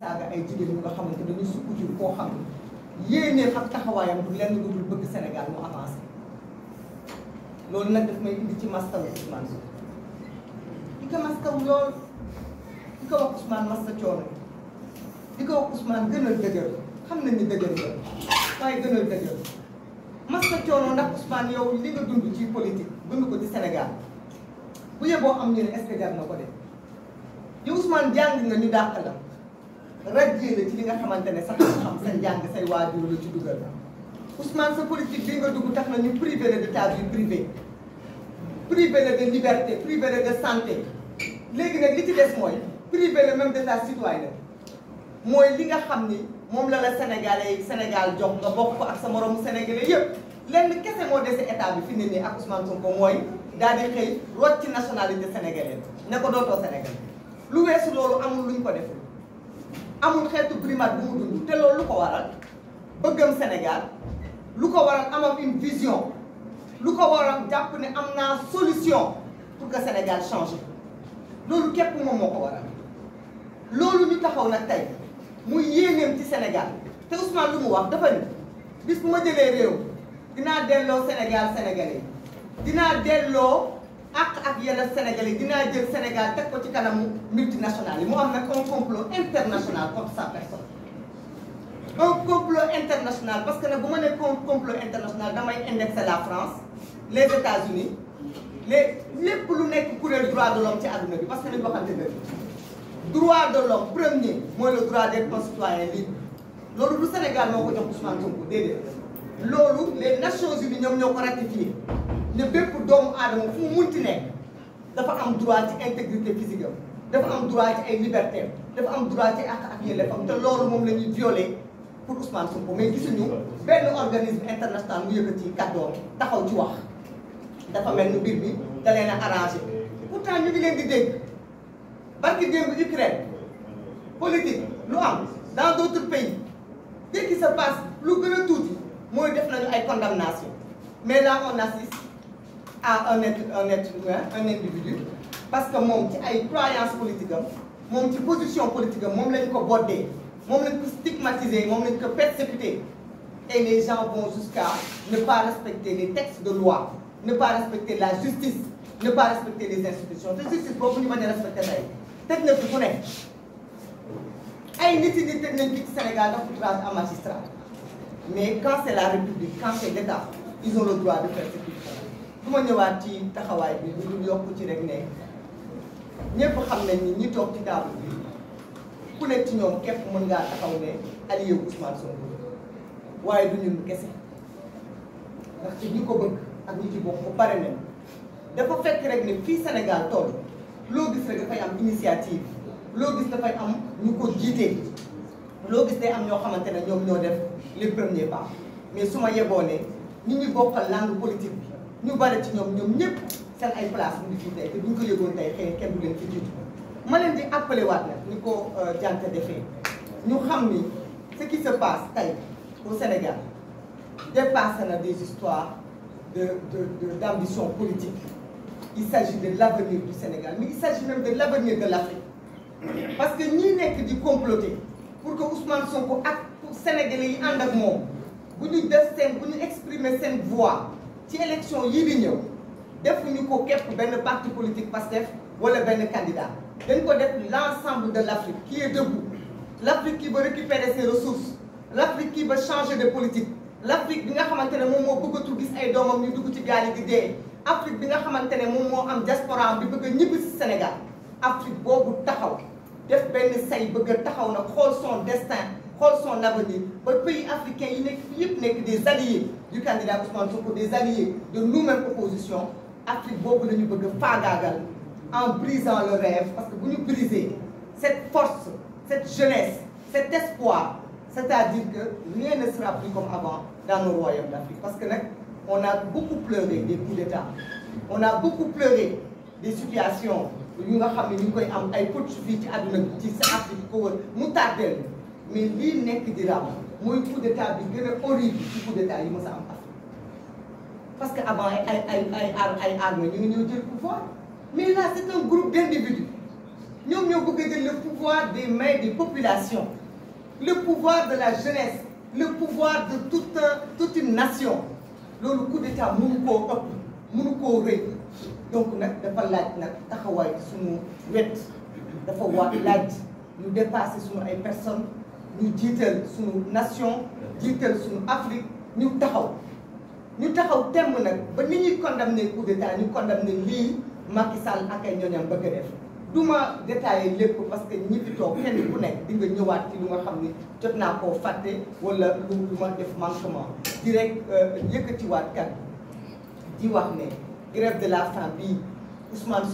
saaga ay jigéen ñi nga xam ne dañuy sukk koo xam ne yéenee xam taxawaayam du lenn lu dul bëgg Sénégal mu avancé loolu nag daf may indi ci mastaw Ousmane Sow di ko mastaw lool di ko ko wax xam nañ ni waaye gënal dëgër masta coono ndax Ousmane yow li nga dund ci politique dund ko ci Sénégal bu yeboo am ñu ne est-ce na ko de yow Ousmane jàng nga ñu dàq la rajjee la ci li nga xamante ne sax xam sa njàng say waajur la ci dugal Ousmane sa politique bi nga dugg tax na ñu privé la de tas yu privé privé la de liberté privé la de santé léegi nag li ci des mooy privé la même de ta citoyenneté mooy li nga xam ni moom la la sénégalais yi Sénégal jox nga bokk ko ak sa moromu sénégalais yëpp lenn kese moo dese état bi fi ne nii ak Ousmane Sonko mooy daal di xëy rot ci nationalité sénégalaise ne ko dootoo Sénégal lu weesu loolu amul luñ ko def amul xeetu primat bu mu dund te lu ko waral bëggam Sénégal lu ko waral amam une vision lu ko waral jàpp ne am naa solution pour que Sénégal change loolu képp moom moo ko waral loolu ñu taxaw nag tey muy yéeneem ci Sénégal te Ousmane lu mu wax dafa ni bis ma jëlee réew dinaa delloo Sénégal Sénégalais dinaa delloo ak ak yeneen sénégalais dinaa jël Sénégal teg ko ci kanamu multinationales yi mu am nag un complot international contre sa personne. un complot international parce que nag bu ma nee complot international damay indexé la France les États-Unis les lépp lu nekk kuréel droit de l'homme ci àdduna parce que nañu waxante ne droit de l'homme premier mooy le droit des concitoyens libres loolu du Sénégal moo ko jox Ousmane Sonko déedéet loolu les Nations Unies ñoom ñoo ko ratifié. ne bépp doomu aadama fu mu munti nekk dafa am droit ci intégrité physique am dafa am droit ci ay liberté dafa am droit ci ak ak yelleefam te loolu moom la ñuy violé pour Ousmane Sonko mais gisuñu benn organisme international mu yëkkati kàddoom taxaw ci wax dafa mel ni mbir bi da leen a arrangé pourtant ñu ngi leen di dégg barki démb Ukraine politique lu am dans d' autres pays dès qu'il se lu gën a tuuti mooy def nañu ay condamnation mais là on assiste à un être un être humain un individu parce que moom ci ay croyance politique am moom ci position politique am moom lañ ko boddee moom lañ ko stigmatiser moom lañ ko persécuter et les gens vont jusqu'à ne pas respecter les textes de loi ne pas respecter la justice ne pas respecter les institutions te justice boobu ñu bañ a respecter tey tëj na fi ku nekk ay nit yi di tëj nañ fii ci Sénégal ndax outrage à magistrat mais quand c'est la République quand c'est l'État ils ont le de faire du ma ñëwaat ci taxawaay bi lu yokk ci rek ne ñëpp xam nañ ni ñi toog ci table bi ku nekk ci ñoom képp mën ngaa taxaw ne allié wu Ousmane Sonko waaye du ñun kese ndax ci ñi ko bëgg ak ñi ci bokk ba pare nañ dafa fekk rek ne fii Sénégal toll loo gis rek dafay am initiative loo gis dafay am ñu ko jiitee loo gis de am ñoo xamante ne ñoom ñoo def les premiers pas mais su ma yeboo ne ñi ñu bokkal langue politique bi ñu bari ci ñoom ñoom ñëpp seen ay place mu ngi fii tey te bu ñu ko yëgoon tey xëy kenn du leen ci jiitu ma leen di appelé waat nag ni ko jant euh, defee ñu xam ni ce qui se passe tey au Sénégal dépasse na des histoires de de d' ambition politique il s'agit de l' avenir du Sénégal mais il de l' avenir de l' parce que ñi nekk di comploter pour que Ousmane Sonko ak pour Sénégalais yi ànd ak moom bu ñu def bu ñu exprimer seen voix ci élection yii di ñëw def defuñu ko képp benn parti politique Pastef wala benn candidat dañ ko def l'ensemble de l'Afrique qui est debout l'Afrique kii ba récupérer ses ressources l'Afrique kii ba changé de politique l'Afrique bi nga xamante ne moom moo bëggatul gis ay doomam ñu dugg ci gaal yi di dee Afrique bi nga xamante ne moom moo am diaspora bi bëgg a ñibbi si Sénégal Afrique boobu taxaw def benn say bëgg taxaw na xool son destin xool son avenir ba pays africain yi nekk fi nekk des alliés du candidat Ousmane Sonko des alliés de nous-mêmes opposition Afrique boobu la ñu bëgg a faagaagal en brisant le rêve parce que bu ñu briser cette force cette jeunesse cet espoir c'est-à-dire que rien ne sera plus comme avant dans nos royaumes d'Afrique parce que nag on a beaucoup pleuré des coups d'État on a beaucoup pleuré des situations ñu nga xam ne ñu ngi koy am ay coach fii ci àdduna sa Afrique ko wër mu tardeel mais lii nekk di raam mooy tu d'état bi gën a horrible ci coup d'état yi mës a am parce que avant ay ay ay ay armée ñu ngi ñëw jël pouvoir mais là c'est un groupe d'individus ñoom ñoo bëgg a jël le pouvoir des mains des populations le pouvoir de la jeunesse le pouvoir de toute toute nation loolu coup d'état mënu koo ëpp mënu donc nag dafa laaj nag taxawaay suñu wet dafa wax laaj ñu dépassé suñu ay personnes ñu jiital suñu nation jiital suñu Afrique ñu taxaw ñu taxaw temm nag ba nit ñuy condamné coup d'état ñu condamné lii Macky Sall ak ay ñoñam bëgg a def du ma détaillé lépp parce que ñi fi toog kenn ku nekk di nga ñëwaat ci lu nga xam ni jot naa koo fàtte wala lu lu ma def manquement di rek euh, yëkkatiwaat kat di wax ne grève de la faim bii Ousmane